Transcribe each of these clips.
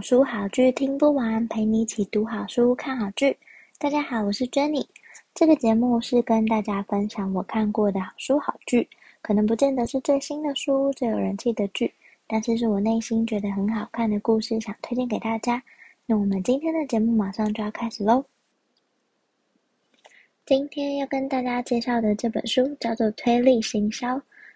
好書好劇聽不完，陪你一起讀好書、看好劇。大家好，我是 Jenny。這個節目是跟大家分享我看過的好書好劇，可能不見得是最新的書、最有人氣的劇，但是是我內心覺得很好看的故事，想推薦給大家。那我們今天的節目馬上就要開始嘍。今天要跟大家介紹的這本書叫做《推力行銷》，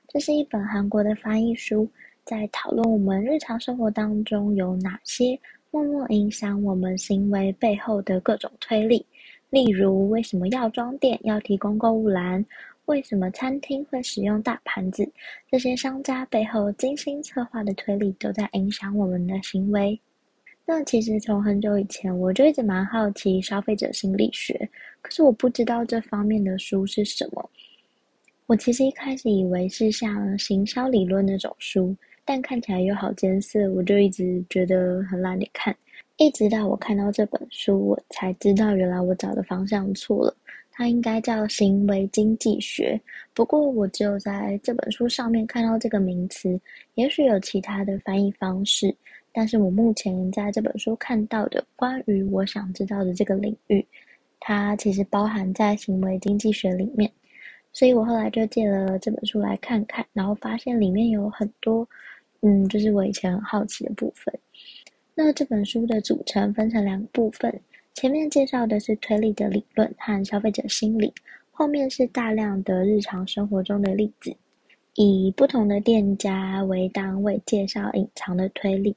這是一本韓國的翻譯書。在討論我們日常生活當中有哪些默默影響我們行為背後的各種推力，例如為什麼藥妝店要提供購物籃，為什麼餐廳會使用大盤子，這些商家背後精心策劃的推力都在影響我們的行為。那其實從很久以前我就一直蠻好奇消費者心理學，可是我不知道這方面的書是什麼。我其實一開始以為是像行銷理論那種書。但看起來又好艱澀，我就一直覺得很懶得看。一直到我看到這本書，我才知道原來我找的方向錯了。它應該叫行為經濟學。不過，我只有在這本書上面看到這個名詞，也許有其他的翻譯方式。但是我目前在這本書看到的關於我想知道的這個領域，它其實包含在行為經濟學裡面。所以我後來就借了這本書來看看，然後發現裡面有很多。嗯，這是我以前很好奇的部分。那這本書的組成分成兩個部分，前面介紹的是推力的理論和消費者心理，後面是大量的日常生活中的例子，以不同的店家為單位介紹隱藏的推力。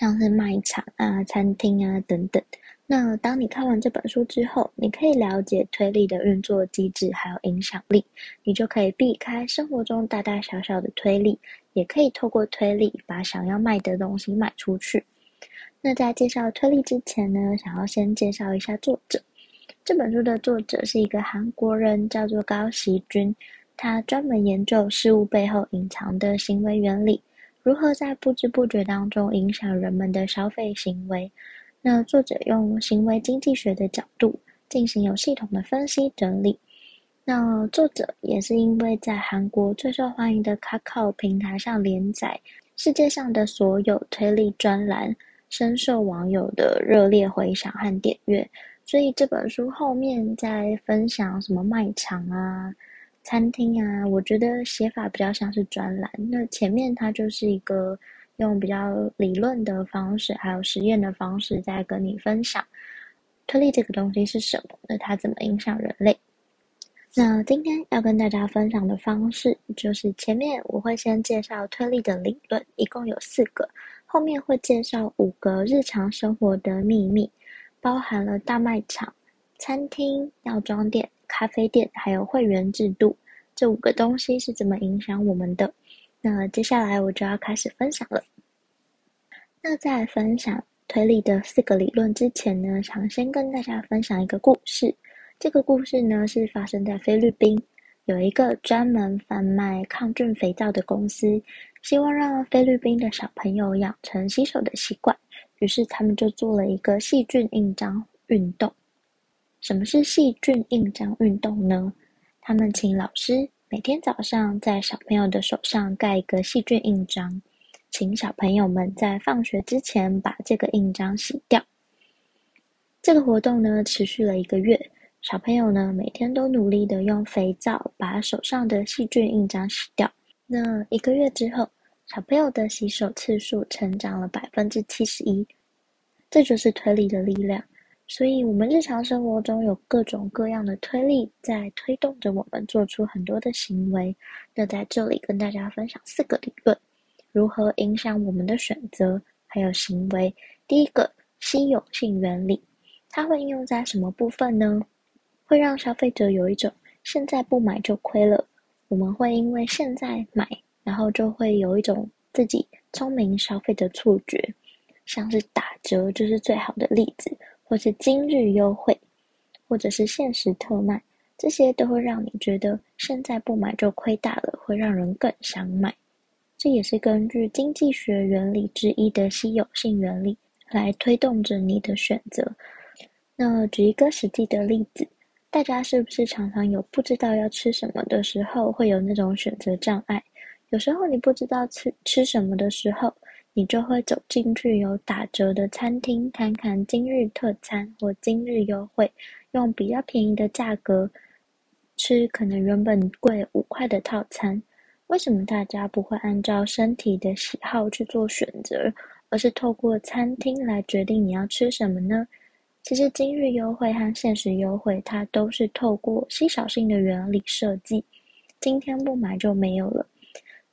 像是賣場啊、餐廳啊等等。那當你看完這本書之後，你可以了解推力的運作機制還有影響力，你就可以避開生活中大大小小的推力，也可以透過推力把想要賣的東西賣出去。那在介紹推力之前呢，想要先介紹一下作者。這本書的作者是一個韓國人，叫做高喜君，他專門研究事物背後隱藏的行為原理。如何在不知不覺當中影響人們的消費行為？那作者用行為經濟學的角度進行有系統的分析整理。那作者也是因為在韓國最受歡迎的 Kakao 平台上連載世界上的所有推力專欄，深受網友的熱烈回響和點閱。所以這本書後面在分享什麼賣場啊、餐廳啊，我覺得寫法比較像是專欄。那前面它就是一個用比較理論的方式，還有實驗的方式在跟你分享，推力這個東西是什麼，那它怎麼影響人類？那今天要跟大家分享的方式，就是前面我會先介紹推力的理論，一共有四個，後面會介紹五個日常生活的秘密，包含了大賣場、餐廳、藥妝店。咖啡店還有會員制度，這五個東西是怎麼影響我們的？那接下來我就要開始分享了。那在分享推力的四個理論之前呢，想先跟大家分享一個故事。這個故事呢是發生在菲律賓，有一個專門販賣抗菌肥皂的公司，希望讓菲律賓的小朋友養成洗手的習慣。於是他們就做了一個細菌印章運動。什麼是細菌印章運動呢？他們請老師每天早上在小朋友的手上蓋一個細菌印章，請小朋友們在放學之前把這個印章洗掉。這個活動呢，持續了一個月，小朋友呢每天都努力的用肥皂把手上的細菌印章洗掉。那一個月之後，小朋友的洗手次數成長了百分之七十一，這就是推力的力量。所以，我們日常生活中有各種各樣的推力在推動着我們做出很多的行為。那在這裡跟大家分享四個理論，如何影響我們的選擇還有行為。第一個，稀有性原理，它會應用在什麼部分呢？會讓消費者有一種現在不買就虧了。我們會因為現在買，然後就會有一種自己聰明消費的錯覺，像是打折就是最好的例子。或是今日優惠，或者是限時特賣，這些都會讓你覺得現在不買就虧大了，會讓人更想買。這也是根據經濟學原理之一的稀有性原理來推動着你的選擇。那舉一個實際的例子，大家是不是常常有不知道要吃什麼的時候，會有那種選擇障礙？有時候你不知道吃吃什麼的時候，你就會走進去有打折的餐廳，看看今日特餐或今日優惠，用比較便宜的價格吃可能原本貴五塊的套餐。為什麼大家不會按照身體的喜好去做選擇，而是透過餐廳來決定你要吃什麼呢？其實今日優惠和限時優惠，它都是透過稀少性的原理設計，今天不買就沒有了。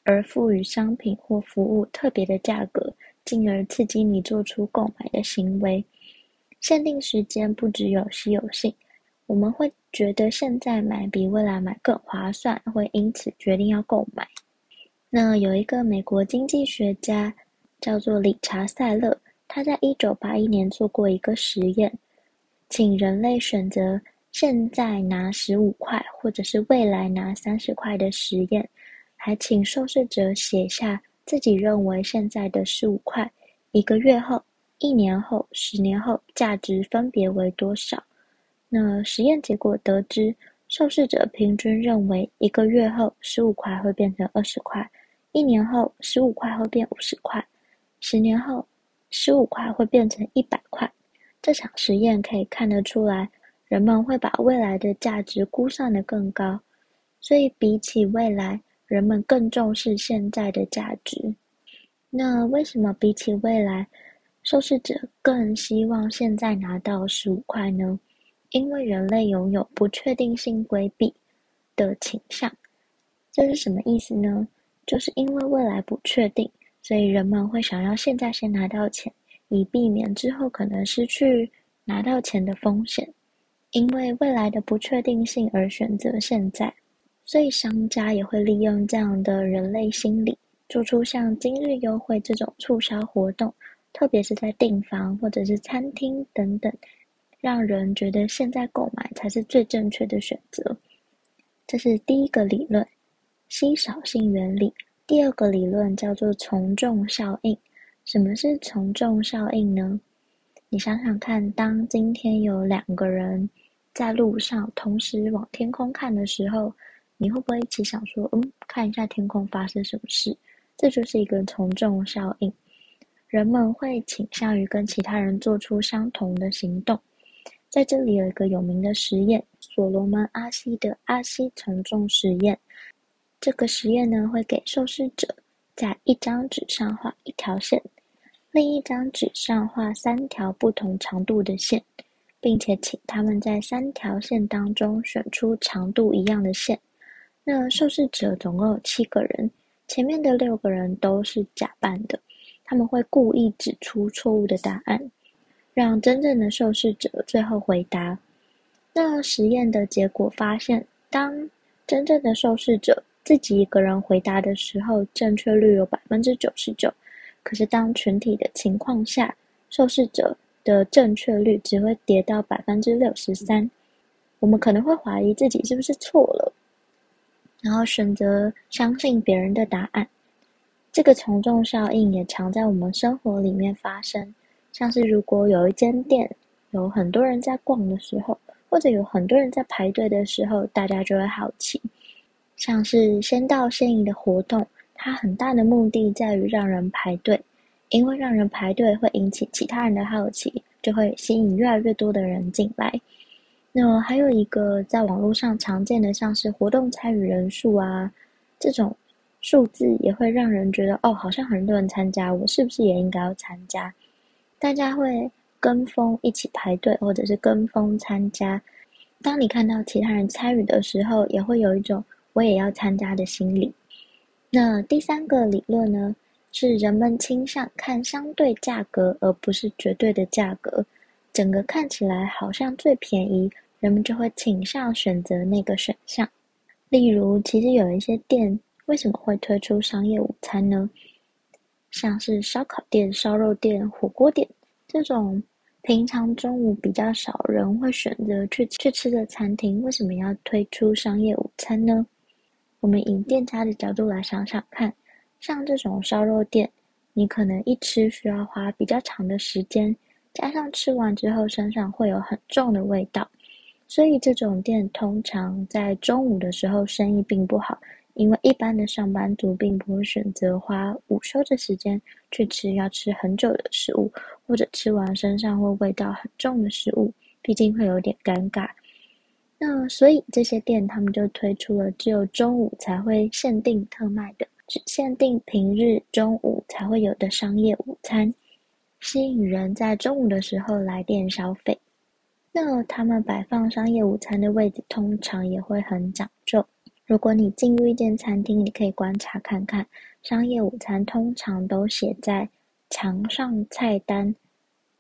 而賦予商品或服務特別的價格，進而刺激你做出購買的行為。限定時間不只有稀有性，我們會覺得現在買比未來買更划算，會因此決定要購買。那有一個美國經濟學家叫做理查·塞勒，他在一九八一年做過一個實驗，請人類選擇現在拿十五塊，或者是未來拿三十塊的實驗。還請受試者寫下自己認為現在的十五塊，一個月後、一年後、十年後價值分別為多少。那實驗結果得知，受試者平均認為一個月後十五塊會變成二十塊，一年後十五塊會變五十塊，十年後十五塊會變成一百塊。這場實驗可以看得出來，人們會把未來的價值估算得更高，所以比起未來。人們更重視現在的價值。那為什麼比起未來，受試者更希望現在拿到十五塊呢？因為人類擁有不確定性規避的傾向。這是什麼意思呢？就是因為未來不確定，所以人們會想要現在先拿到錢，以避免之後可能失去拿到錢的風險。因為未來的不確定性而選擇現在。所以商家也會利用這樣的人類心理，做出像今日優惠這種促銷活動，特別是在訂房或者是餐廳等等，讓人覺得現在購買才是最正確的選擇。這是第一個理論，稀少性原理。第二個理論叫做從眾效應。什麼是從眾效應呢？你想想看，當今天有兩個人在路上同時往天空看的時候。你會不會一起想說，嗯，看一下天空發生什麼事？這就是一個從眾效應，人們會傾向於跟其他人做出相同的行動。在這裡有一個有名的實驗——所羅門·阿西的阿西從眾實驗。這個實驗呢，會給受試者在一張紙上畫一條線，另一張紙上畫三條不同長度的線，並且請他們在三條線當中選出長度一樣的線。那受試者總共有七個人，前面的六個人都是假扮的，他們會故意指出錯誤的答案，讓真正的受試者最後回答。那實驗的結果發現，當真正的受試者自己一個人回答的時候，正確率有百分之九十九；可是當群體的情況下，受試者的正確率只會跌到百分之六十三。我們可能會懷疑自己是不是錯了。然後選擇相信別人的答案，這個從眾效應也常在我們生活裡面發生。像是如果有一間店有很多人在逛的時候，或者有很多人在排隊的時候，大家就會好奇。像是先到先贏的活動，它很大的目的在於讓人排隊，因為讓人排隊會引起其他人的好奇，就會吸引越來越多的人進來。那還有一個在網絡上常見的，像是活動參與人數啊，這種數字也會讓人覺得哦，好像很多人參加，我是不是也應該要參加？大家會跟風一起排隊，或者是跟風參加。當你看到其他人參與的時候，也會有一種我也要參加的心理。那第三個理論呢，是人們傾向看相對價格而不是絕對的價格，整個看起來好像最便宜，人們就會傾向選擇那個選項。例如，其實有一些店為什麼會推出商業午餐呢？像是燒烤店、燒肉店、火鍋店這種，平常中午比較少人會選擇去去吃的餐廳，為什麼要推出商業午餐呢？我們以店家的角度來想想看，像這種燒肉店，你可能一吃需要花比較長的時間，加上吃完之後身上會有很重的味道。所以這種店通常在中午的時候生意並不好，因為一般的上班族並不會選擇花午休的時間去吃要吃很久的食物，或者吃完身上會味道很重的食物，畢竟會有點尷尬。那所以這些店他們就推出了只有中午才會限定特賣的，只限定平日中午才會有的商業午餐，吸引人在中午的時候來店消費。那他們擺放商業午餐的位置通常也會很講究。如果你進入一間餐廳，你可以觀察看看，商業午餐通常都寫在牆上菜單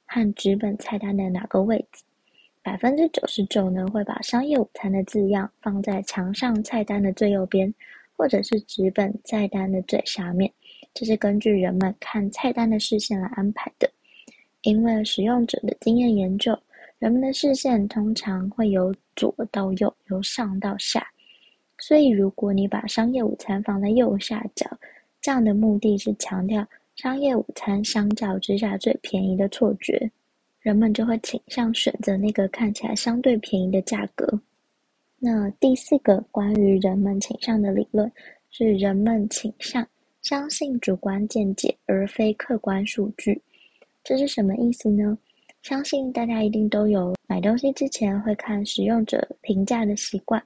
和紙本菜單的哪個位置？百分之九十九呢，會把商業午餐的字樣放在牆上菜單的最右邊，或者是紙本菜單的最下面。這是根據人們看菜單的視線來安排的，因為使用者的經驗研究。人們的視線通常會由左到右，由上到下，所以如果你把商業午餐放在右下角，這樣的目的是強調商業午餐相較之下最便宜的錯覺，人們就會傾向選擇那個看起來相對便宜的價格。那第四個關於人們傾向的理論是人們傾向相信主觀見解而非客觀數據，這是什麼意思呢？相信大家一定都有買東西之前會看使用者評價的習慣，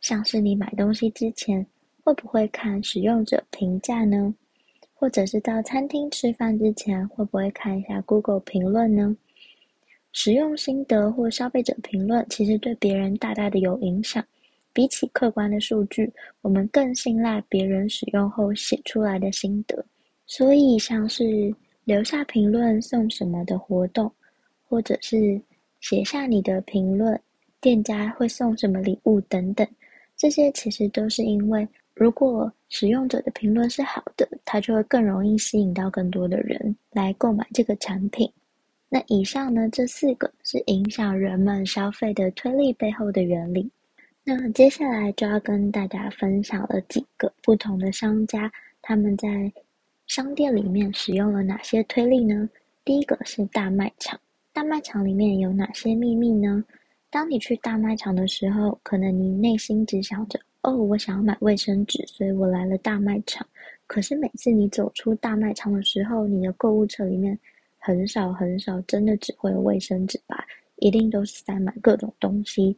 像是你買東西之前會不會看使用者評價呢？或者是到餐廳吃飯之前會不會看一下 Google 評論呢？使用心得或消費者評論其實對別人大大的有影響，比起客觀的數據，我們更信賴別人使用後寫出來的心得，所以像是留下評論送什麼的活動。或者是寫下你的評論，店家會送什麼禮物等等，這些其實都是因為，如果使用者的評論是好的，他就會更容易吸引到更多的人來購買這個產品。那以上呢，這四個是影響人們消費的推力背後的原理。那接下來就要跟大家分享了幾個不同的商家，他們在商店裡面使用了哪些推力呢？第一個是大賣場。大賣場裡面有哪些秘密呢？當你去大賣場的時候，可能你內心只想着：“哦，我想要買衛生紙，所以我來了大賣場。”可是每次你走出大賣場的時候，你的購物車裡面很少很少，真的只會有衛生紙吧？一定都是塞滿各種東西。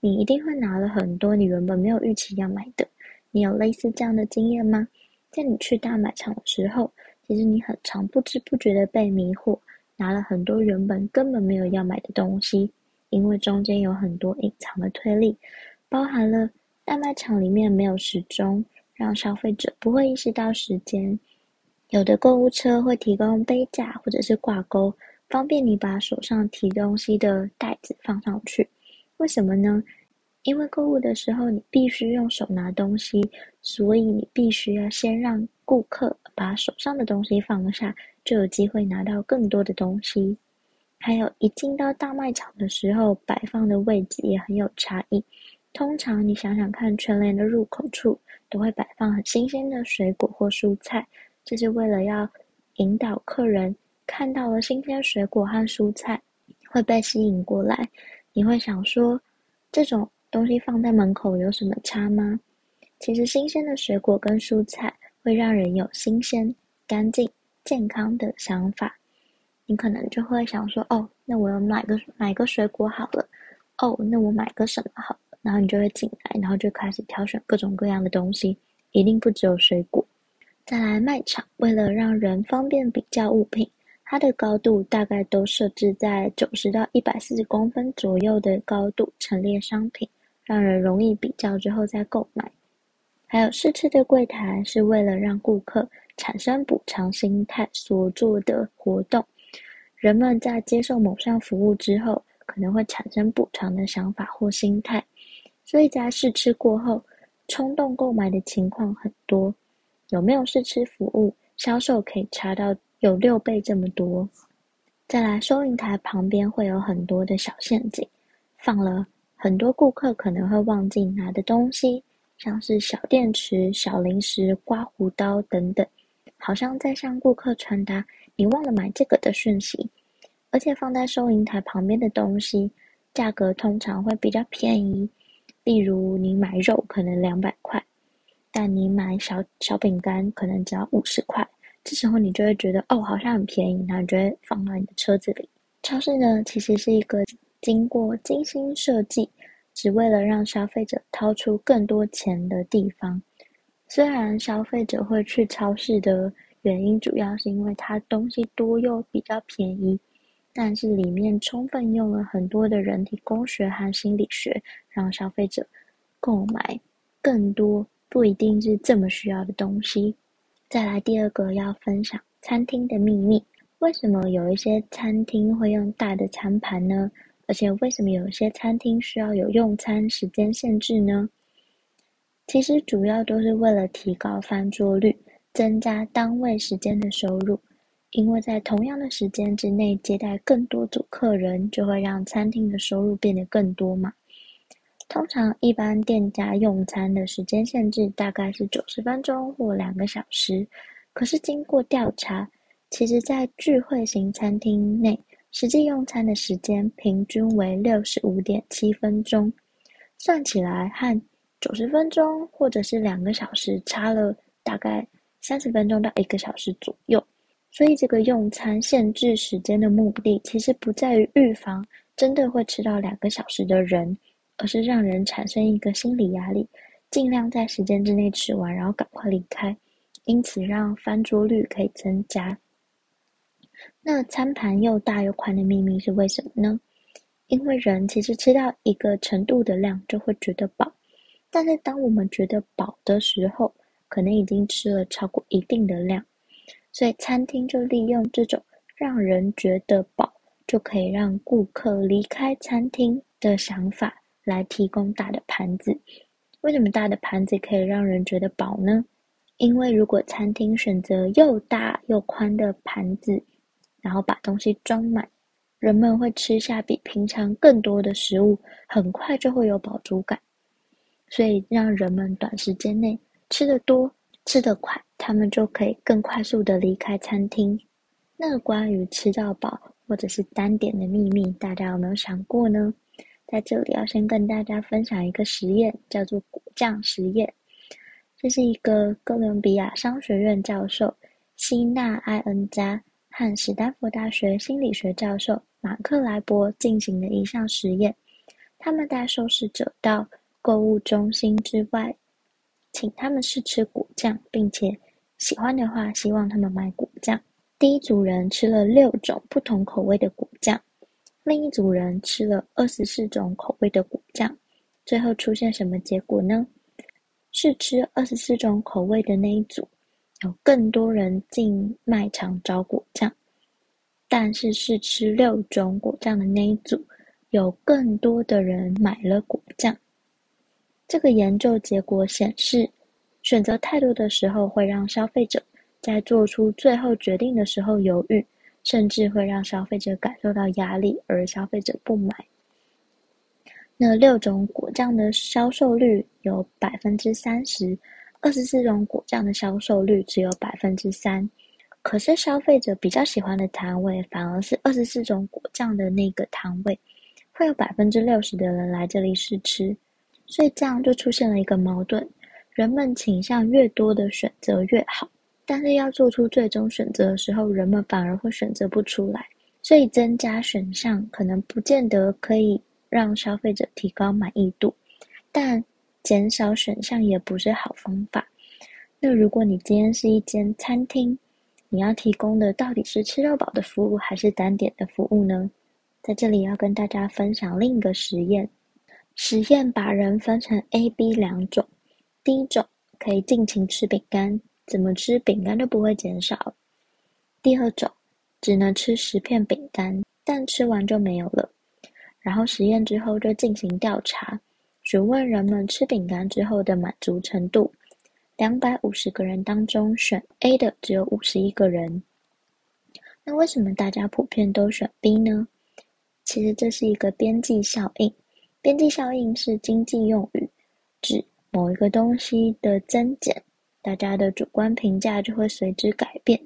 你一定會拿了很多你原本沒有預期要買的。你有類似這樣的經驗嗎？在你去大賣場的時候，其實你很常不知不覺的被迷惑。拿了很多原本根本沒有要買的東西，因為中間有很多隱藏的推力，包含了大賣場裡面沒有時鐘，讓消費者不會意識到時間。有的購物車會提供杯架或者是掛鈎，方便你把手上提東西的袋子放上去。為什麼呢？因為購物的時候你必須用手拿東西，所以你必須要先讓顧客把手上的東西放下，就有機會拿到更多的東西。還有，一進到大賣場的時候，擺放的位置也很有差異。通常，你想想看，全聯的入口處都會擺放很新鮮的水果或蔬菜，這，就是為了要引導客人看到了新鮮水果和蔬菜會被吸引過來。你會想說，這種東西放在門口有什麼差嗎？其實，新鮮的水果跟蔬菜會讓人有新鮮、乾淨。健康的想法，你可能就會想說：“哦，那我買個買個水果好了。”“哦，那我買個什麼好了？”然後你就會進來，然後就開始挑選各種各樣的東西，一定不只有水果。再來賣場，為了讓人方便比較物品，它的高度大概都設置在九十到一百四十公分左右的高度陳列商品，讓人容易比較之後再購買。還有試吃的櫃檯是為了讓顧客，產生補償心態所做的活動，人們在接受某項服務之後，可能會產生補償的想法或心態。所以，在試吃過後，衝動購買的情況很多。有沒有試吃服務？銷售可以查到有六倍這麼多。再來，收銀台旁邊會有很多的小陷阱，放了很多顧客可能會忘記拿的東西，像是小電池、小零食、刮鬍刀等等。好像在向顧客傳達你忘了買這個的訊息，而且放在收銀台旁邊的東西，價格通常會比較便宜。例如，你買肉可能兩百塊，但你買小小餅乾可能只要五十塊。這時候你就會覺得哦，好像很便宜，那你就會放到你的車子裡。超市呢，其實是一個經過精心設計，只為了讓消費者掏出更多錢的地方。雖然消費者會去超市的原因主要是因為它東西多又比較便宜，但是裡面充分用了很多的人體工學和心理學，讓消費者購買更多不一定是這麼需要的東西。再來第二個要分享餐廳的秘密：為什麼有一些餐廳會用大的餐盤呢？而且為什麼有一些餐廳需要有用餐時間限制呢？其實主要都是為了提高翻桌率，增加單位時間的收入，因為在同樣的時間之內接待更多組客人，就會讓餐廳的收入變得更多嘛。通常一般店家用餐的時間限制大概是九十分鐘或兩個小時，可是經過調查，其實，在聚會型餐廳內，實際用餐的時間平均為六十五點七分鐘，算起來和九十分鐘或者是兩個小時，差了大概三十分鐘到一個小時左右。所以這個用餐限制時間的目的，其實不在於預防真的會吃到兩個小時的人，而是讓人產生一個心理壓力，盡量在時間之內吃完，然後趕快離開，因此讓翻桌率可以增加。那餐盤又大又寬的祕密是為什麼呢？因為人其實吃到一個程度的量就會覺得飽。但是，當我們覺得飽的時候，可能已經吃了超過一定的量，所以餐廳就利用這種讓人覺得飽，就可以讓顧客離開餐廳的想法，來提供大的盤子。為什麼大的盤子可以讓人覺得飽呢？因為如果餐廳選擇又大又寬的盤子，然後把東西裝滿，人們會吃下比平常更多的食物，很快就會有飽足感。所以讓人們短時間內吃得多、吃得快，他們就可以更快速的離開餐廳。那個、關於吃到飽或者是單點的秘密，大家有沒有想過呢？在這裡要先跟大家分享一個實驗，叫做果醬實驗。這是一個哥倫比亞商學院教授希納埃恩加和史丹佛大學心理學教授馬克·萊博進行的一項實驗。他們帶受試者到購物中心之外，請他們試吃果醬，並且喜歡的話，希望他們買果醬。第一組人吃了六種不同口味的果醬，另一組人吃了二十四種口味的果醬。最後出現什麼結果呢？試吃二十四種口味的那一組，有更多人進賣場找果醬；但是試吃六種果醬的那一組，有更多的人買了果醬。這個研究結果顯示，選擇太多的時候會讓消費者在做出最後決定的時候猶豫，甚至會讓消費者感受到壓力，而消費者不買。那六種果醬的銷售率有百分之三十，二十四種果醬的銷售率只有百分之三。可是消費者比較喜歡的攤位反而是二十四種果醬的那個攤位，會有百分之六十的人來這裡試吃。所以這樣就出現了一個矛盾：人們傾向越多的選擇越好，但是要做出最終選擇的時候，人們反而會選擇不出來。所以增加選項可能不見得可以讓消費者提高滿意度，但減少選項也不是好方法。那如果你今天是一間餐廳，你要提供的到底是吃到飽的服務還是單點的服務呢？在這裡要跟大家分享另一個實驗。實驗把人分成 A、B 兩種，第一種可以盡情吃餅乾，怎麼吃餅乾都不會減少了；第二種只能吃十片餅乾，但吃完就沒有了。然後實驗之後就進行調查，詢問人們吃餅乾之後的滿足程度。兩百五十個人當中，選 A 的只有五十一個人。那為什麼大家普遍都選 B 呢？其實這是一個邊際效應。邊際效應是經濟用語，指某一個東西的增減，大家的主觀評價就會隨之改變。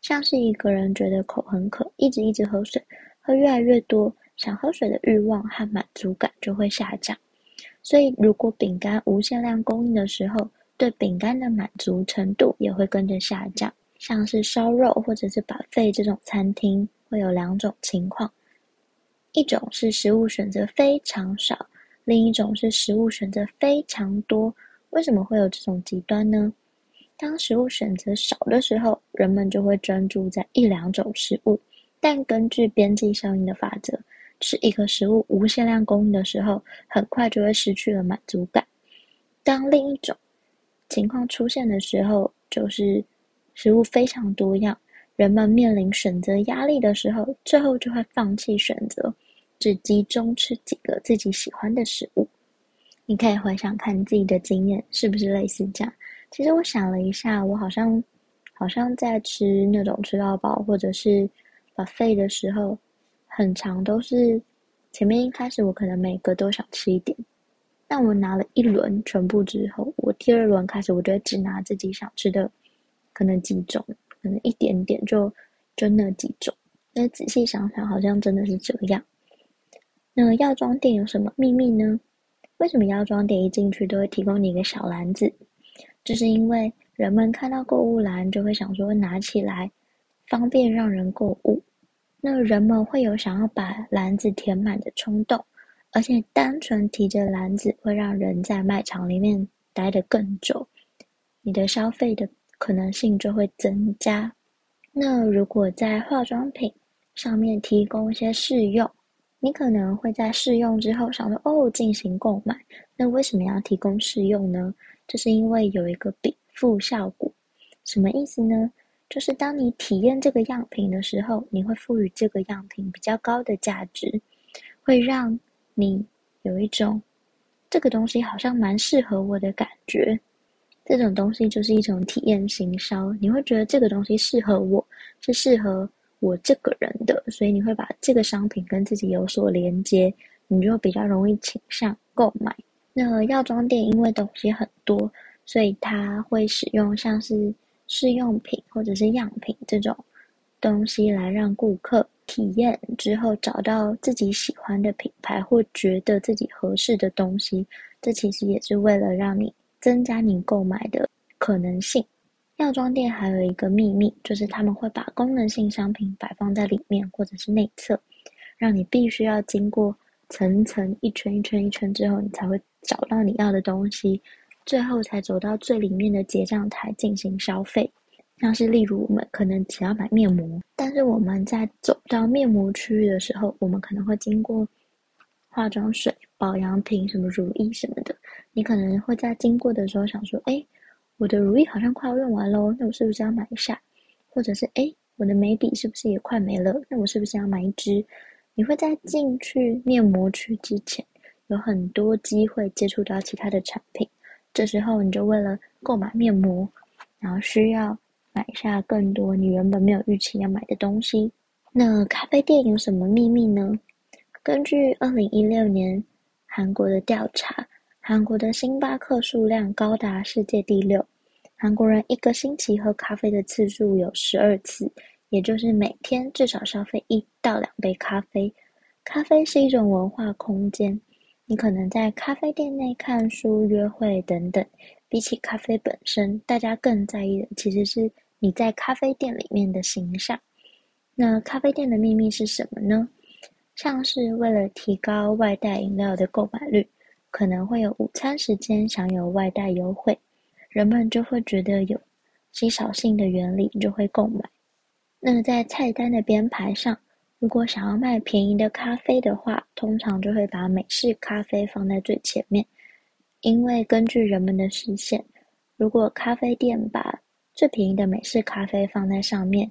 像是一個人覺得口很渴，一直一直喝水，喝越來越多，想喝水的欲望和滿足感就會下降。所以，如果餅乾無限量供應的時候，對餅乾的滿足程度也會跟着下降。像是燒肉或者是 buffet 這種餐廳，會有兩種情況。一種是食物選擇非常少，另一種是食物選擇非常多。為什麼會有這種極端呢？當食物選擇少的時候，人們就會專注在一兩種食物。但根據邊際效應的法則，吃一個食物無限量供應的時候，很快就會失去了滿足感。當另一種情況出現的時候，就是食物非常多樣，人們面臨選擇壓力的時候，最後就會放棄選擇。只集中吃幾個自己喜歡的食物，你可以回想看自己的經驗是不是類似這樣。其實我想了一下，我好像好像在吃那種吃到飽或者是 buffet 的時候，很常都是前面一開始我可能每個都想吃一點，但我拿了一輪全部之後，我第二輪開始我就只拿自己想吃的，可能幾種，可能一點點，就就那幾種。但仔細想想，好像真的是這樣。那藥妝店有什麼秘密呢？為什麼藥妝店一進去都會提供你一個小籃子？這、就是因為人們看到購物籃就會想說拿起來，方便讓人購物。那人們會有想要把籃子填滿的衝動，而且單純提着籃子會讓人在賣場裡面待得更久，你的消費的可能性就會增加。那如果在化妝品上面提供一些試用，你可能會在試用之後想說，哦，進行購買。那為什麼要提供試用呢？這、就是因為有一個稟賦效果。什麼意思呢？就是當你體驗這個樣品的時候，你會賦予這個樣品比較高的價值，會讓你有一種這個東西好像蠻適合我的感覺。這種東西就是一種體驗行銷，你會覺得這個東西適合我，是適合。我這個人的，所以你會把這個商品跟自己有所連接，你就比較容易傾向購買。那藥妝店因為東西很多，所以他會使用像是試用品或者是樣品這種東西來讓顧客體驗之後找到自己喜歡的品牌或覺得自己合適的東西。這其實也是為了讓你增加你購買的可能性。藥妝店還有一個秘密，就是他們會把功能性商品擺放在裡面或者是內側，讓你必須要經過層層一圈一圈一圈之後，你才會找到你要的東西，最後才走到最裡面的結賬台進行消費。像是例如我們可能只要買面膜，但是我們在走到面膜區域的時候，我們可能會經過化妝水、保養品、什麼乳液什麼的，你可能會在經過的時候想說，哎。我的乳液好像快要用完嘍，那我是不是要買一下？或者是，哎，我的眉筆是不是也快沒了？那我是不是要買一支？你會在進去面膜區之前，有很多機會接觸到其他的產品。這時候你就為了購買面膜，然後需要買下更多你原本沒有預期要買的東西。那咖啡店有什麼秘密呢？根據2016年韓國的調查，韓國的星巴克數量高達世界第六。韓國人一個星期喝咖啡的次數有十二次，也就是每天至少消費一到兩杯咖啡。咖啡是一種文化空間，你可能在咖啡店內看書、約會等等。比起咖啡本身，大家更在意的其實是你在咖啡店裡面的形象。那咖啡店的秘密是什麼呢？像是為了提高外帶飲料的購買率，可能會有午餐時間享有外帶優惠。人們就會覺得有稀少性的原理就會購買。那在菜單的編排上，如果想要賣便宜的咖啡的話，通常就會把美式咖啡放在最前面，因為根據人們的視線，如果咖啡店把最便宜的美式咖啡放在上面，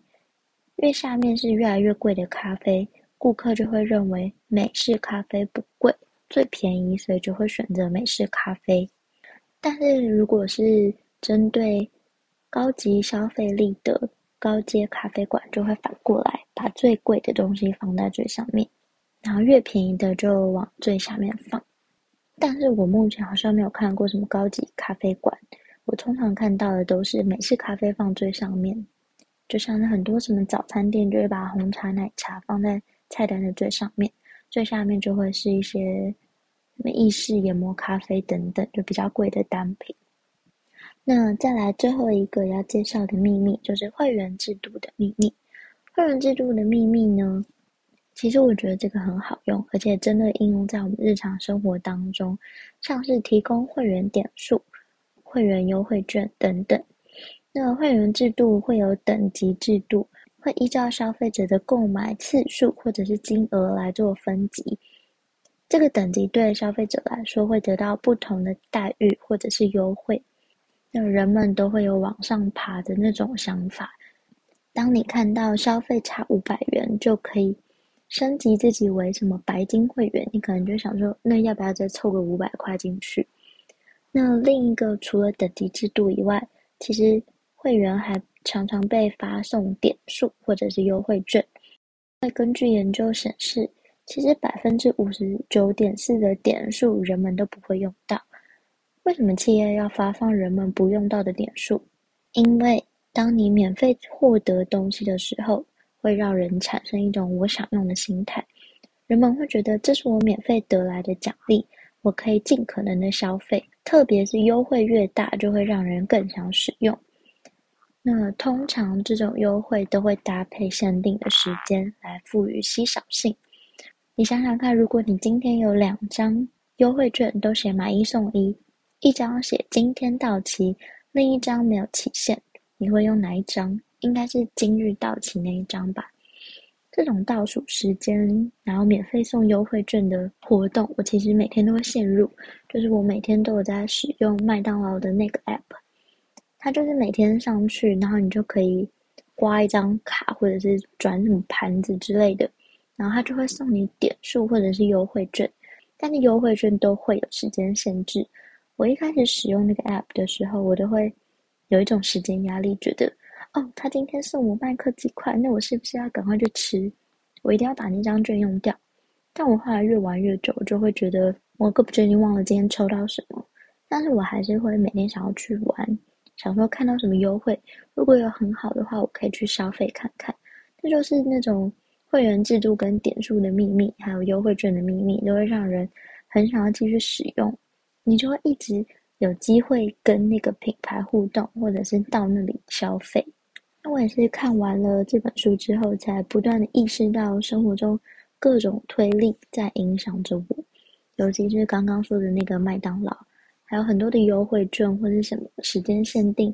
越下面是越來越貴的咖啡，顧客就會認為美式咖啡不貴，最便宜，所以就會選擇美式咖啡。但是，如果是針對高級消費力的高階咖啡館，就會反過來把最貴的東西放在最上面，然後越便宜的就往最下面放。但是我目前好像沒有看過什麼高級咖啡館，我通常看到的都是美式咖啡放最上面，就像那很多什麼早餐店就會把紅茶、奶茶放在菜單的最上面，最下面就會是一些。什麼意式研磨咖啡等等，就比較貴的單品。那再來最後一個要介紹的秘密，就是會員制度的秘密。會員制度的秘密呢，其實我覺得這個很好用，而且真的應用在我們日常生活當中，像是提供會員點數、會員優惠券等等。那會員制度會有等級制度，會依照消費者的購買次數或者是金額來做分級。這個等級對消費者來說會得到不同的待遇或者是優惠，那人們都會有往上爬的那種想法。當你看到消費差五百元就可以升級自己為什麼白金會員，你可能就想說，那要不要再湊個五百塊進去？那另一個除了等級制度以外，其實會員還常常被發送點數或者是優惠券。那根據研究顯示，其實百分之五十九點四的點數，人們都不會用到。為什麼企業要發放人們不用到的點數？因為當你免費獲得東西的時候，會讓人產生一種我想用的心態。人們會覺得這是我免費得來的獎勵，我可以盡可能的消費。特別是優惠越大，就會讓人更想使用。那通常這種優惠都會搭配限定的時間，來賦予稀少性。你想想看，如果你今天有兩張優惠券，都寫買一送一，一張寫今天到期，另一張沒有期限，你會用哪一張？應該是今日到期那一張吧。這種倒數時間，然後免費送優惠券的活動，我其實每天都會陷入，就是我每天都有在使用麥當勞的那個 App，它就是每天上去，然後你就可以刮一張卡，或者是轉什麼盤子之類的。然後他就會送你點數或者是優惠券，但是優惠券都會有時間限制。我一開始使用那個 app 的時候，我都會有一種時間壓力，覺得哦，他今天送我麥克雞塊，那我是不是要趕快去吃？我一定要把那張券用掉。但我後來越玩越久，我就會覺得我個不一你忘了今天抽到什麼，但是我還是會每天想要去玩，想說看到什麼優惠，如果有很好的話，我可以去消費看看。這就是那種。會員制度跟點數的秘密，還有優惠券的秘密，都會讓人很想要繼續使用。你就會一直有機會跟那個品牌互動，或者是到那裡消費。那我也是看完了這本書之後，才不斷地意識到生活中各種推力在影響着我。尤其是剛剛說的那個麥當勞，還有很多的優惠券或者是什麼時間限定，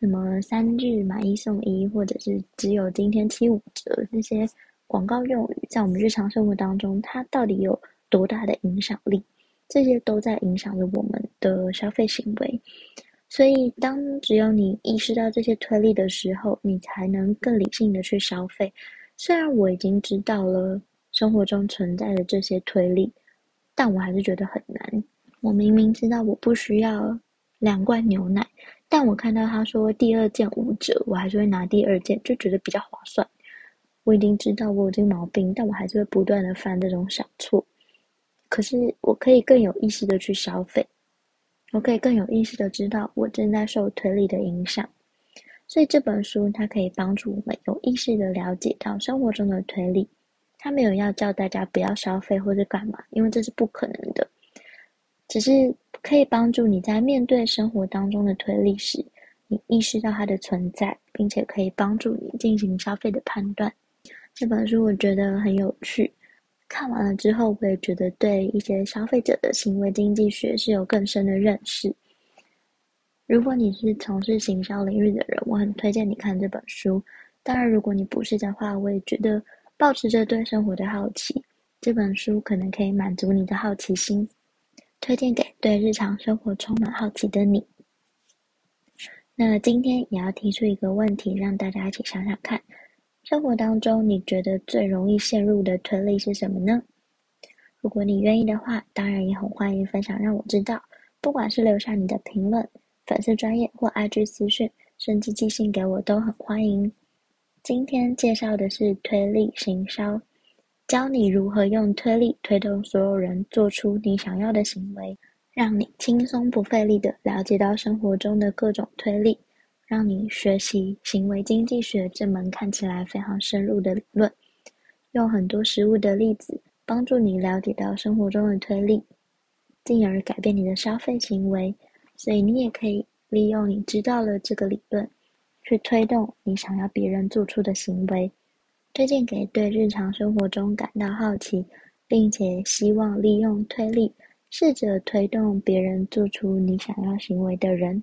什麼三日買一送一，或者是只有今天七五折這些。廣告用語在我們日常生活當中，它到底有多大的影響力？這些都在影響着我們的消費行為。所以，當只有你意識到這些推力的時候，你才能更理性的去消費。雖然我已經知道了生活中存在的這些推力，但我還是覺得很難。我明明知道我不需要兩罐牛奶，但我看到他說第二件五折，我還是會拿第二件，就覺得比較划算。我已經知道我有這個毛病，但我還是會不斷的犯這種小錯。可是我可以更有意識的去消費，我可以更有意識的知道我正在受推力的影響。所以這本書它可以幫助我們有意識的了解到生活中的推力。它沒有要叫大家不要消費或者幹嘛，因為這是不可能的。只是可以幫助你在面對生活當中的推力時，你意識到它的存在，並且可以幫助你進行消費的判斷。這本書我覺得很有趣，看完了之後我也覺得對一些消費者的行為經濟學是有更深的認識。如果你是從事行銷領域的人，我很推薦你看這本書。當然，如果你不是的話，我也覺得保持着對生活的好奇，這本書可能可以滿足你的好奇心。推薦給對日常生活充滿好奇的你。那今天也要提出一個問題，讓大家一起想想看。生活當中，你覺得最容易陷入的推力是什麼呢？如果你願意的話，當然也很歡迎分享，讓我知道。不管是留下你的評論、粉絲專頁或 IG 私訊，甚至寄信給我，都很歡迎。今天介紹的是推力行銷，教你如何用推力推動所有人做出你想要的行為，讓你輕鬆不費力地了解到生活中的各種推力。讓你學習行為經濟學這門看起來非常深入的理論，用很多實物的例子幫助你了解到生活中的推力，進而改變你的消費行為。所以你也可以利用你知道了這個理論，去推動你想要別人做出的行為。推薦給對日常生活中感到好奇，並且希望利用推力，試着推動別人做出你想要行為的人。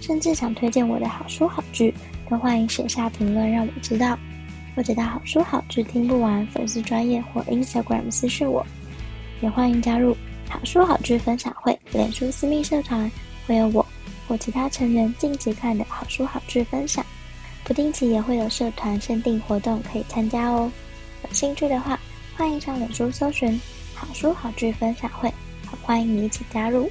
甚至想推薦我的好書好劇，都歡迎寫下評論讓我知道。或者到好書好劇聽不完粉絲專頁或 Instagram 私信我，也歡迎加入好書好劇分享會臉書私密社團，會有我或其他成員近期看的好書好劇分享，不定期也會有社團限定活動可以參加哦。有興趣的話，歡迎上臉書搜尋好書好劇分享會。好，歡迎你一起加入。